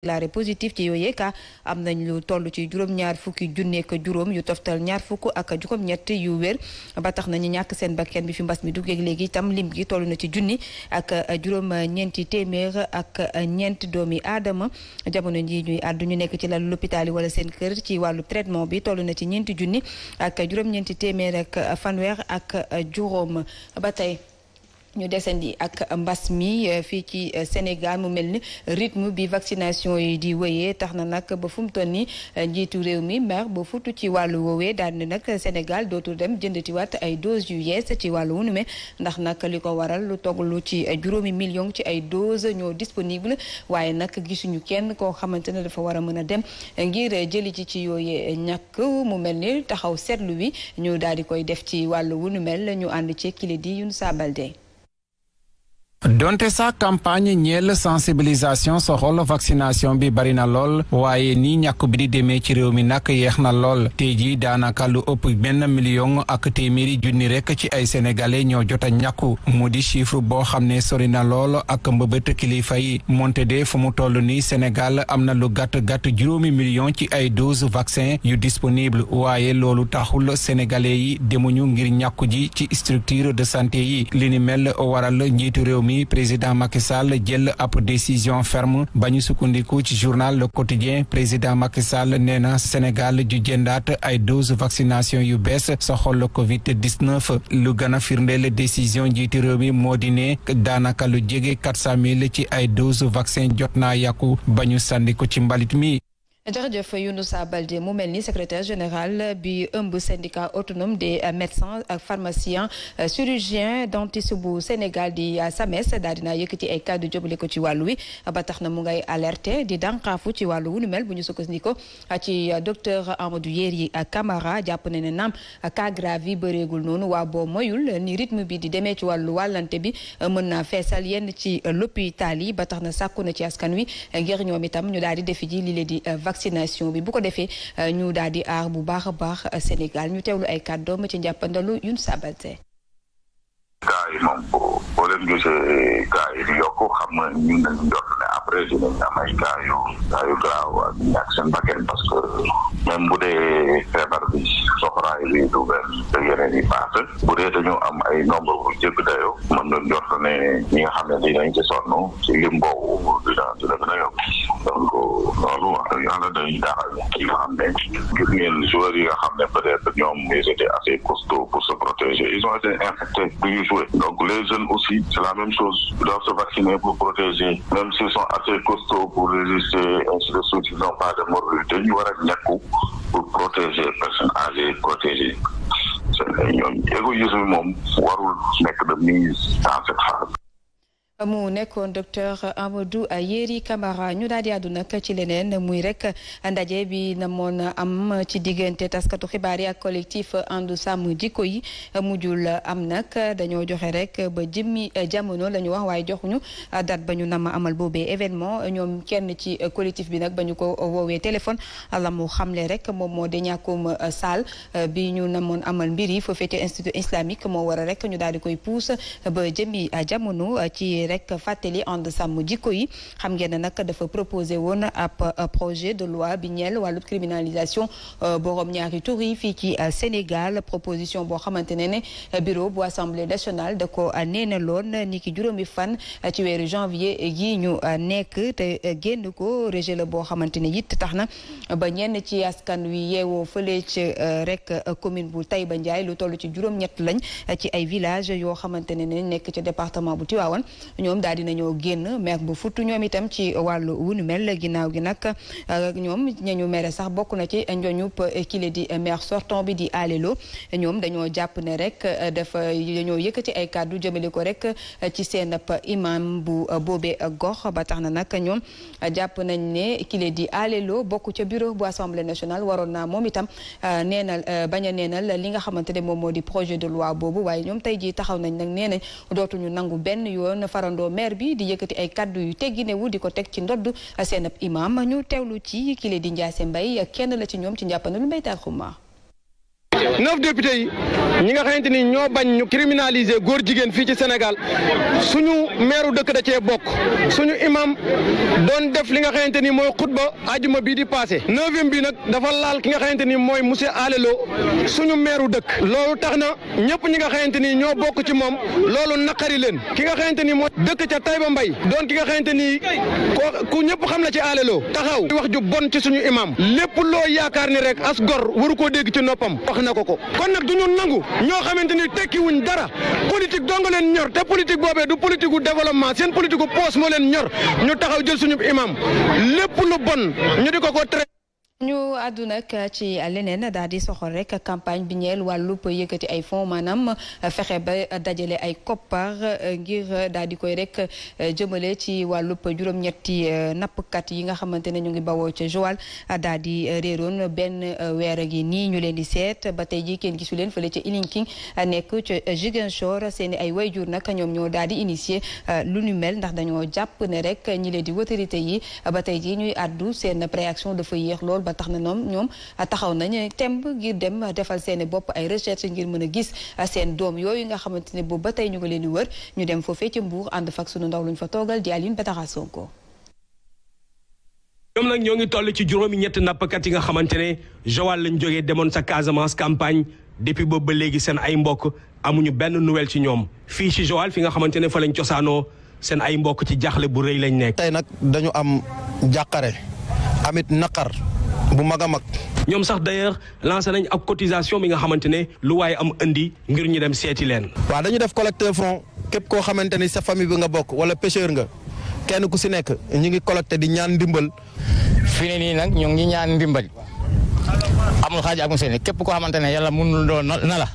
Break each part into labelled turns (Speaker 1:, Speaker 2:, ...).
Speaker 1: déclaré positif ci yooyee ka am nañ lu toll ci juróom-ñaar fukki junneek juróom yu toftal ñaar fukk ak juróom-ñett yu wér ba tax nañu ñàkk seen bakken bi fi mbas mi duggee léegi itam lim gi toll na ci junni ak juróom-ñeenti téeméer ak ñeent doomi aadama jamono ji ñuy àddu ñu nekk ci lalu l'hôpital yi wala seen kër ci wàllu traitement bi toll na ci ñeenti junni ak juróom-ñeenti téeméer ak fanweer ak juróom ba tey ñu desandi ak mbas mi euh, fii ci euh, Sénégal mu mel ni rythme bi vaccination yi di wéyee tax na nag ba fu ni euh, njiitu réew mi mer ba futu ci wàll woowee daal di nag Sénégal dootul dem jënd jëndatiwaat ay doses yu yees ci wàllu wu nu me ndax nag li ko waral lu toglu ci juróomi million ci ay doses ñoo disponible waaye nag gisuñu kenn koo xamante ne dafa war a mën a dem ngir jëli ci ci yooyee ñàkk mu mel ni taxaw seetlu wi ñu daal di koy def ci wàll wu nu mel ñu ànd ci kile di Younoussa
Speaker 2: donte sa campagne ñeel sensibilisation soxol vaccination bi bari na lool waaye nii ñàkk bi di demee ci réew mi nag yeex na lool tey jii daanaka lu ëpp benn million ak téeméeri junni rek ci ay sénégalais ñoo jot a ñàkku mu di chiffre boo xam ne sori na lool ak mbëbët kilifa yi monte de fu mu toll nii Sénégal am na lu gàtt gàtt juróomi million ci ay dose vaccin yu disponible waaye loolu taxul sénégalais yi demuñu ngir ñàkku ji ci structure de santé yi li mel waral njiitu réew mi président Macky Sall jël ab décision ferme ba ñu sukkandiku ci journal Le Quotidien président Macky Sall nee na Sénégal ju jëndaat ay dose vaccination yu bees soxal la Covid 19 lu gën a firndeel décision njiiti réew mi moo di ne daanaka lu jege quatre cent mille ci ay dose vaccin jot naa yàqu ba ñu sànni ci mbalit mi.
Speaker 1: jërëjëf Younoussa Baldé mu mel ni secrétaire général bi ëmb syndicat autonome des médecins ak pharmaciens chirurgiens dentistes bu Sénégal di SAMES daal dinaa yëkkati ay kàddu joble ko ci wàllu wi ba tax na mu ngay alerter di dànqaafu ci wàllu wu nu mel bu ñu sukkandikoo ci docteur Amadou Yeri Camara jàpp na ne naam cas grave yi bëreegul noonu waa boo moyul ni rythme bi di demee ci wàllu wàllante bi mën naa feesal yenn ci l'hôpital yi ba tax na sàkku na ci askan wi ngir vaccination bi bu ko defee euh, ñu daal di aar bu baax a baax euh, Sénégal ñu teewlu ay kàddoom ci njàppandalu Youn Sabalte
Speaker 3: gaa yi moom boo
Speaker 2: boo leen gisee gaa yi di yokk xam nga ñun dañu njort ne après dinañ am ay gaa yu ak ñàkk seen parce que même bu dee feebar bi soxraay bi du benn te yeneen yi paase bu dee dañu am ay nombre bu jëkk dayoo mën na njort ne ñi nga xam ne dinañ ci sonn ci lim boobu dina dina gën a yokk donc loolu wax dëgg yàlla dañuy daaxal yi nga xam ne gis ngeen joueurs yi nga xam ne peut-être ñoom ils étaient assez costauds jouer. Donc les jeunes aussi, c'est la même chose. Ils doivent se vacciner pour protéger, même s'ils sont assez costauds pour résister, ainsi de suite, ils n'ont pas de morbidité. Dañu war a ñàkku pour protéger personnes âgées, protéger ñoom égoïsme moom warul nekk de mise dans cette phase.
Speaker 1: mu nekkoon docteur Amadou Yéri Camara ñu daal di àddu nag ci leneen muy rek ndaje bi na moon am ci diggante taskatu xibaar yi ak collectif àndu sàmm jikko yi mujjul am nag dañoo joxe rek ba jëmmi jamono la ñu wax waaye joxuñu date ba ñu nama amal boobee événement ñoom kenn ci collectif bi nag ba ñu ko woowee téléphone la mu xamle rek moom moo de ñàkkum saal bi ñu namoon amal mbir yi foofee ca institut islamique rek ñu daal di koy puus ba jëmmi jamono ci. rek fàttali ànd sàmm jikko yi xam ngeen ne nag dafa proposé woon ab euh, projet de loi bi ñeel wàllu criminalisation euh, borom ñaari tur yi fii ci euh, Sénégal proposition boo xamante ne ne bureau bu assemblée nationale da ko neena loon ni ki juróomi fan ci weeru janvier yi ñu nekk te génn ko rejet boo xamante ne it tax na ba ñenn ci askan wi yeewoo fële ci rek commune bu ba Ndiaye lu toll ci juróom-ñett lañ ci ay village yoo xamante ne ne nekk ci département bu Tivaouane ñoom daal dina ñoo génn maire bu futu ñoom itam ci wàllu wunu mel ginnaaw gi nag euh, ñoom ñañu mere sax bokk na ci njooñu kile di maire sortant bi di alelo ñoom dañoo jàpp ne rek euh, dafa dañoo yëkkati ay kàddu jëmale ko rek euh, ci seen imam bu boobee gox ba tax na nag ñoom jàpp nañ ne kile di alelo bokk ca bureau bu assemblée nationale waroon naa moom itam neenal bañ neenal li nga xamante ne moom moo di projet de loi boobu waaye ñoom tey jii taxaw nañ nag nee parandoo maire bi di yëkkati ay kàddu yu tegginewu di ko teg ci ndodd seen ab imam ñu teewlu ci kile di mbay Mbaye kenn la ci ñoom ci njàppandalu Mbaye Taal Xuma
Speaker 2: neuf députés yi ñi nga xamante ni ñoo bañ ñu criminalisé góor jigéen fii ci Sénégal suñu meeru dëkk da cee bokk suñu imam doon def li nga xamante ni mooy xutba ajuma bii di passé neuvième bi nag dafa laal ki nga xamante ni mooy monsieur Alé suñu meeru dëkk loolu tax na ñëpp ñi nga xamante ni ñoo bokk ci moom loolu naqari leen ki nga xamante ni mooy dëkk ca Taïba mbay doon ki nga xamante ni ko ñëpp xam na ci Alé Lo taxaw wax ju bon ci suñu imam lépp loo yaakaar ni rek as gor waru koo dégg ci noppam na ko ko kon nag du ñu nangu ñoo xamante ni dara politique dong leen ñor te politique boobee du politique gu seen politique gu moo leen ñor ñu taxaw jël suñu imam lépp lu bon ñu di ko ko traité
Speaker 1: ñu àddu nag euh, ci leneen daal di soxol rek campagne bi ñeel wàllub yëkkati ay fonds maanaam euh, fexe ba dajale ay koppar euh, ngir daal di koy rek jëmale ci wàllub juróom-ñetti nappkat yi nga xamante ne ñu ngi bawoo ca Joal daal di réeroon benn weer gi nii ñu leen di seet ba tey jii kenn gisu leen fële ca Ilinking nekk ca Ziguinchor seen ay wayjur nag ñoom ñoo daal di initier lu nu mel ndax dañoo jàpp ne rek ñi leen di autorité yi ba tey jii ñuy àddu seen réaction dafa yéex lool. ba tax na ñoom a ah, taxaw nañu temp ngir dem defal seen bopp ay recherche ngir mën a gis ah, seen doom yooyu nga xamante ne boobu ba tey ñu ko leen di wër ñu dem foofee ci Mbour ànd fak sunu ndaw luñ fa toogal di Aline Batara Sonko.
Speaker 2: ñoom nag ñoo ngi toll ci juróomi ñetti nappkat yi nga xamante ne Joal lañ jógee demoon sa Casamance campagne depuis boobu ba léegi seen ay mbokk amuñu benn nouvelle ci ñoom fii ci Joal fi nga xamante ne fa lañ cosaanoo seen ay mbokk ci jaaxle bu rëy lañ nekk. tey nag dañu am jàqare amit naqar. bu mag a mag. ñoom sax d'ailleurs lancé nañ ak cotisation bi nga xamante ne lu waaye am indi ngir ñu dem seeti leen. waaw dañu def collecte fonds képp koo xamante ni sa famille bi nga bokk wala pêcheur nga kenn ku si nekk ñu ngi collecté di ñaan ndimbal. fii ne nii nag ñu ñaan ndimbal amul xaaj amul seen képp koo xamante ne yàlla mënul doon na la.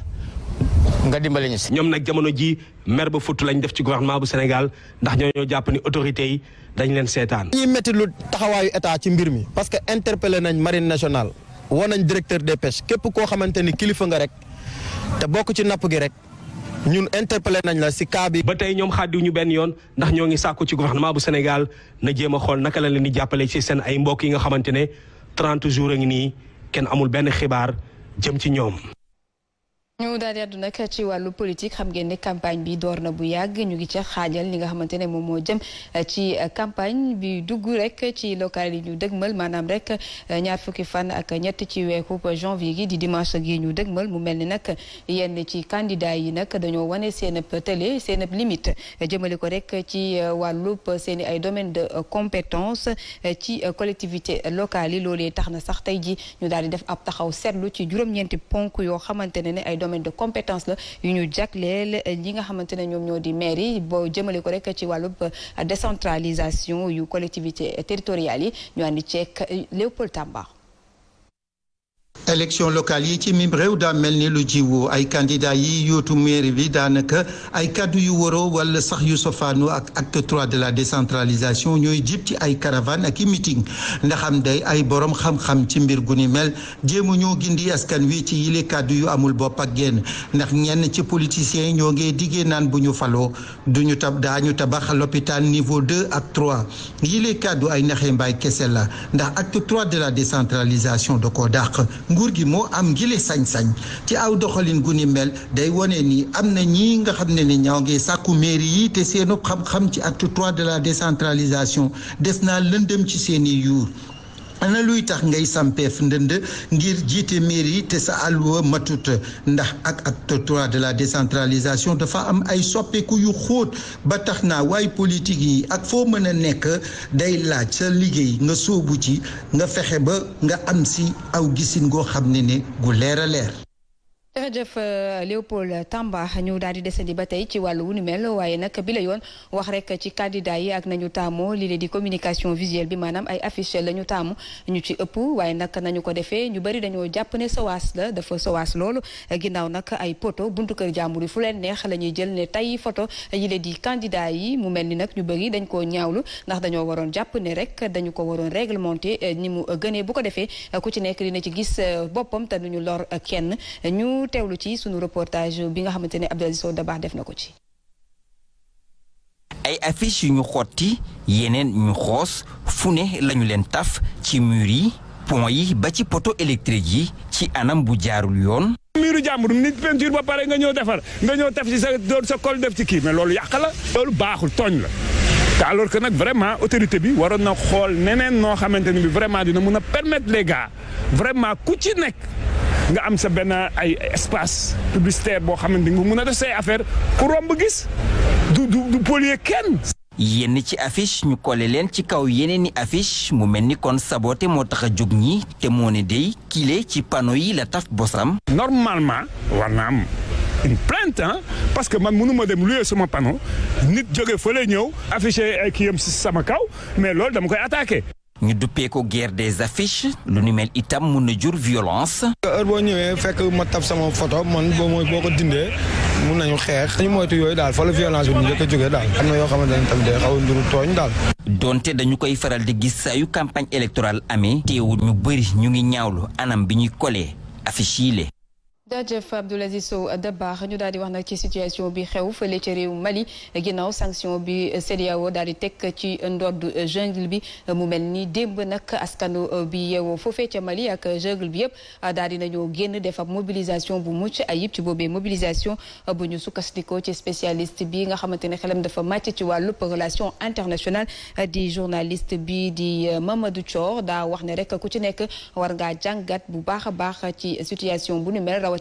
Speaker 2: nga dimbali ñu si. ñoom nag jamono ji mer ba futt lañ def ci gouvernement bu Sénégal ndax ñoo ñoo jàpp ni autorités yi dañ leen seetaan. ñuy métti taxawaayu état ci mbir mi. parce que interpellé nañ marine nationale. woo nañ directeur des pêches képp koo xamante ni kilifa nga rek te bokk ci napp gi rek. ñun interpellé nañ la si cas bi. ba tey ñoom xaddiw ñu benn yoon ndax ñoo ngi sàkku ci gouvernement bu Sénégal na jéem a xool naka la leen di jàppale ci seen ay mbokk yi nga xamante ne 30 jours ngi nii kenn amul benn xibaar jëm ci ñoom.
Speaker 1: ñu daal di àddu nag ci wàllu politique xam ngeen ni campagne bi door na bu yàgg ñu ngi ca xaajal li nga xamante ne moom moo jëm euh, ci euh, campagne bi dugg rek ci local yi ñu dëgmal maanaam rek euh, ñaar fukki fan ak ñett ci weeru janvier gi di dimanche gi ñu dëgmal mu mel ni nag yenn ci candidat yi nag dañoo wane seen ab télé seen ab jëmale ko rek ci wàllu seen i ay domaine de compétence ci collectivité locale yi loolee tax na sax tey ji ñu daal di def ab taxaw seetlu ci juróom-ñeenti ponk yoo xamante ne ne ay domaine de compétence la yu ñu jagleel ñi nga xamante ne ñoom ñoo di maire boo jëmalee ko rek ci wàllub décentralisation yu collectivité territoriales yi ñu àndi ceek Léopold Tamba
Speaker 3: élection locale yi ci mim réew daa mel ni lu jiwu ay candidat yi yootu mairie bi daanaka ay kaddu yu waroo wala sax yu sofaanu ak acte trois de la décentralisation ñooy jib ci ay caravane ak i meeting nga day ay borom xam-xam ci mbir gu ni mel jéemu ñoo gindi askan wi ci yile kàddu yu amul bopp ak génn ndax ñenn ci politiciens yi ñoo ngee diggee naan bu ñu faloo duñu tab daañu tabax l'hôpital niveau deux ak trois yile kàddu ay naxee mbaay kese la ndax acte trois de décentralisation da koo dàq nguur gi moo am ngile sañ-sañ ci aw doxalin gu ni mel day wone nii am na ñii nga xam ne ni ñoo ngi sàkku mairie yi te seenu xam-xam ci acte trois de la décentralisation des naa lëndëm ci seeni yuur ana luy tax ngay sampeef ndënd ngir jiite mairie yi te sa alluwa matut ndax ak ak trois de la décentralisation dafa am ay soppeeku yu xóot ba tax naa waaye politique yi ak foo mën a nekk day laaj sa liggéey nga soobu ci nga fexe ba nga am si aw gisin goo xam ne ne gu leer a leer
Speaker 1: jërëjëf euh, Léopold Tamba ñu daal di desandi ba tey ci wàllu wu ni mel waaye nag bi yoon wax rek ci candidat yi ak nañu taamu lilee di communication visuelle bi maanaam ay affiche la ñu taamu ñu ci ëpp waaye nag nañu ko defee ñu bëri dañoo jàpp ne sowaas la dafa sowaas loolu ginnaaw nag ay poto buntu kër jàmbur yi fu leen neex la ñuy jël ne tey photo yi la di candidat yi mu mel ni nag ñu bëggi dañ koo ñaawlu ndax dañoo waroon jàpp ne rek dañu ko waroon réglementer ni mu gënee bu ko defee ku ci nekk dina ci gis euh, boppam te duñu lor kenn ñu ñu teewlu ci sunu reportage bi nga xamante ne Abdou Aziz Sow na ko ci.
Speaker 3: ay affiches yu ñu xotti yeneen ñu xoos fu ne lañu leen taf ci mur yi pont yi ba ci poteau électrique yi ci anam bu jaarul yoon.
Speaker 2: miiru jàmbur nit peinture ba pare nga ñëw defar nga ñëw taf ci sa doon sa kol def ci kii mais loolu yàq la. loolu baaxul tooñ la. te alors que nag vraiment autorité bi waroon na xool neneen noo xamante ni bi vraiment dina mun a permettre le gars vraiment ku ci nekk. nga am sa benn ay
Speaker 3: espace publicitaire boo xamante ni nga mën a def say affaire ku romb gis du du du polluer kenn. yenn ci affiche ñu collé leen ci kaw yeneen i affiche mu mel ni kon saboo te moo tax a jóg ñi te moo ne day kile ci panneau yi la taf bosam. normalement war na am une plainte
Speaker 2: parce que man mënu ma dem luyee sama panneau nit
Speaker 3: jóge fa lay ñëw affiché ay kii yam si sama kaw mais loolu dama koy attaqué. ñu duppee ko guerre des affiches lu ni mel itam mun na jur violence. heure boo ñëwee fekk ma tab sama
Speaker 2: photo man boo mooy boo ko dindee mun nañu xeex. ñu moytu yooyu daal fa la violence bi njëkk a jógee daal am na yoo xamante ne tamit day xaw a nduru tooñ daal.
Speaker 3: donte dañu koy faral di gis saa yu campagne électorale amee. teewul ñu bëri ñu ngi ñaawlu anam bi ñuy coller affiche
Speaker 1: jaajëf Abdoul Aziz Sow baax ñu daal di wax na ci situation bi xew fële ca réew Mali ginnaaw sanction bi CEDEAO daal di teg ci ndodd jungle bi mu mel ni démb nag askanu bi yeewoo foofee ca Mali ak jungle bi yëpp daal di nañoo génn def mobilisation bu mucc ayib ci boobee mobilisation bu ñu sukkandikoo ci spécialiste bi nga xamante ne xelam dafa màcc ci wàllu relation internationale di journaliste bi di Mamadou Thior daa wax ne rek ku ci nekk war ngaa jàngat bu baax a baax ci situation bu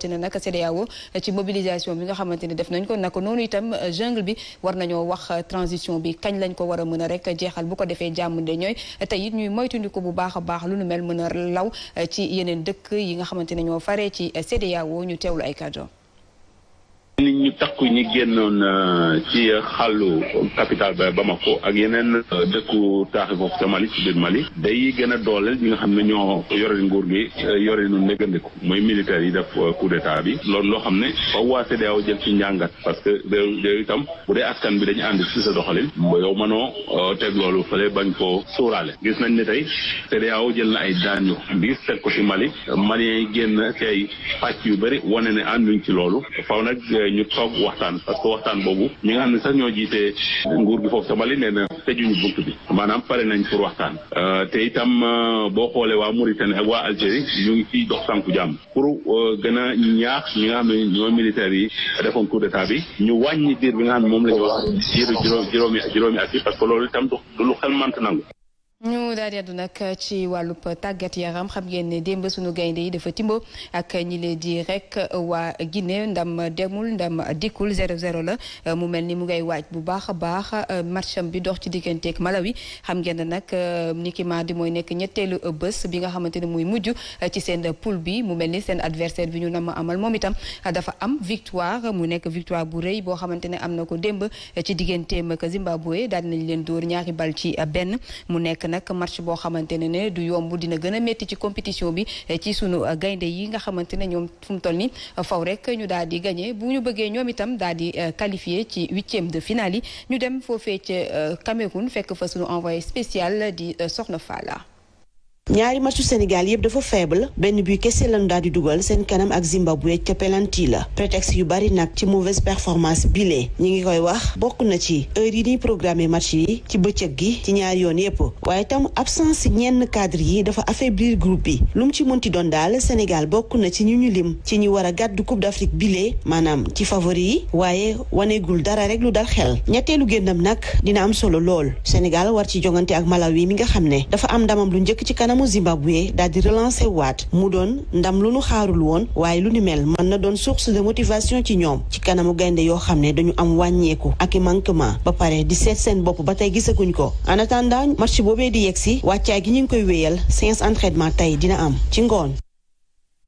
Speaker 1: rawatina nag CEDEAO ci mobilisation bi nga xamante ni def nañ ko naka noonu itam jungle bi war nañoo wax transition bi kañ lañ ko war a mën a rek jeexal bu ko defee jàmm de ñooy tey it ñuy ko bu baax a baax lu nu mel mën a law ci yeneen dëkk yi nga xamante ne ñoo fare ci CEDEAO ñu teewlu ay kàddoom
Speaker 2: nit ñu takku ñi génnoon euh, ci xàllu capital ba ko ak yeneen euh, dëkku taaxi foofu ca Mali ci Mali day gën a dooleel ñi nga xam ne ñoo yore nguur gi euh, yore nu ndegandiku mooy militaires yi def coup d'état bi loolu loo xam ne faw waa CEDEAO jël ci njàngat parce que réew réew itam bu dee askan bi dañu ànd ci sa doxalin yow mënoo teg loolu fële bañ koo suuraale gis nañ ne tey CEDEAO jël na ay daan yu diis teg ko ci Mali Maliens yi génn ci ay pàcc yu bëri wane ne ànduñ ñu toog waxtaan parce waxtaan boobu ñi nga xam ne sax ñoo jiitee nguur gi foofu sa li nee na tëjuñu bunt bi maanaam pare nañ pour waxtaan euh, te itam euh, boo xoolee waa Mauritanie ak waa Algérie ñu ngi ciy dox sanku jàmm pour euh, gën a ñaax ñi nga xam ne ñoo militaire yi defoon coup d'état bi ñu wàññi diir bi nga xam ne moom la ñu wax diiru juróomi ak at yi parce que loolu itam du lu xel mant nangu
Speaker 1: ñu daal di nag ci wàllu tàggat yaram xam ngeen ne démb suñu gaynde yi dafa timbo ak ñi leen di rek waa Guinée ndam demul ndam dikkul 0-0 la mu mel ni mu ngay waaj bu baax a baax matcham bi dox ci digganteeg Malawi xam ngeen ne nag niki mardi mooy nekk ñetteelu bés bi nga xamante ne muy mujj ci seen poule bi mu mel ni seen adversaire bi ñu nam amal moom itam dafa am victoire mu nekk victoire bu rëy boo xamante ne am na ko démb ci digganteem ak Zimbabwe daal nañ leen dóor ñaari bal ci benn mu nekk. nag match boo xamante ne ne du yomb dina gën a métti ci compétition bi eh, ci sunu eh, gaynde yi nga xamante ne ñoom fu toll ni eh, faw rek ñu daal di gagné bu ñu bëggee ñoom itam daal di qualifié ci huitième de finale yi ñu dem foofee ca Cameroun fekk fa sunu envoyé spécial di Soxna Fala ñaari matchu Sénégal yëpp dafa faible benn bi kese lañu daal di dugal seen kanam ak Zimbabwe ca pelanti la prétexte yu bari nag ci mauvaise performance bile ñi ngi koy wax bokk na ci heure yi ñuy programme match yi ci bëccëg gi ci ñaari yoon yëpp waaye tam absence ñenn cadre yi dafa affaiblir groupe bi lu mu ci mënti doon daal Sénégal bokk na ci ñu ñu lim ci ñu war a gàddu Coupe d'Afrique bile maanaam ci favori yi waaye waneegul dara rek lu dal xel ñetteelu génnam nag dina am solo lool Sénégal war ci jongante ak Malawi mi nga xam ne dafa am ndamam lu kanamu Zimbabwe daal di relancer waat mu doon ndam lu nu xaarul woon waaye lu ni mel mën na doon source de motivation ci ñoom ci kanamu gaynde yoo xam ne dañu am wàññeeku ak i manquement ba pare di seet seen bopp ba tey gisaguñ ko en attendant match boobee di yegsi wàccaay gi ñu ngi koy wéyal séance entraînement tey dina am ci ngoon.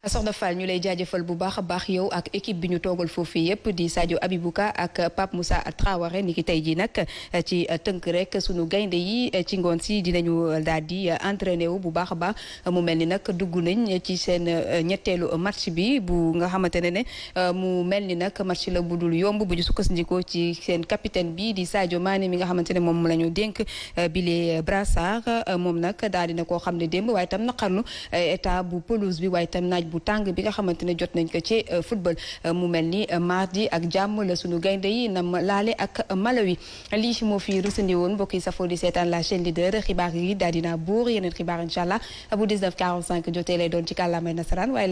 Speaker 1: soxna Fall ñu lay jaajëfal bu baax a baax yow ak équipe bi ñu toogal foofu yëpp di Sadio Abibouka ak Pape Moussa a ni ki tey jii nag ci tënk rek sunu gaynde yi ci ngoon si dinañu daal di entraîné wu bu baax a baax mu mel ni nag dugg nañ ci seen ñetteelu match bi bu nga xamante ne ne mu mel ni nag match la bu dul yomb bu ñu su sukkandikoo ci seen capitaine bi di Sadio Mané mi nga xamante ne moom mu la ñu dénk bile brassard moom nag daal dina koo xam ne démb waaye tam naqarlu eh, état bu pelouse bi waaye tam naaj bu tàng bi nga xamante ne jot nañ ko ci euh, football euh, mu mel ni euh, mardi ak jàmm la sunu gaynde yi nam laale ak Malawi lii moo fi rusandi woon mbokk safoo di seetaan la chaîne leader xibaar yi daal dina buur yeneen xibaar incha allah bu 19 45 jotee lay doon ci kàllaamay nasaraan waaye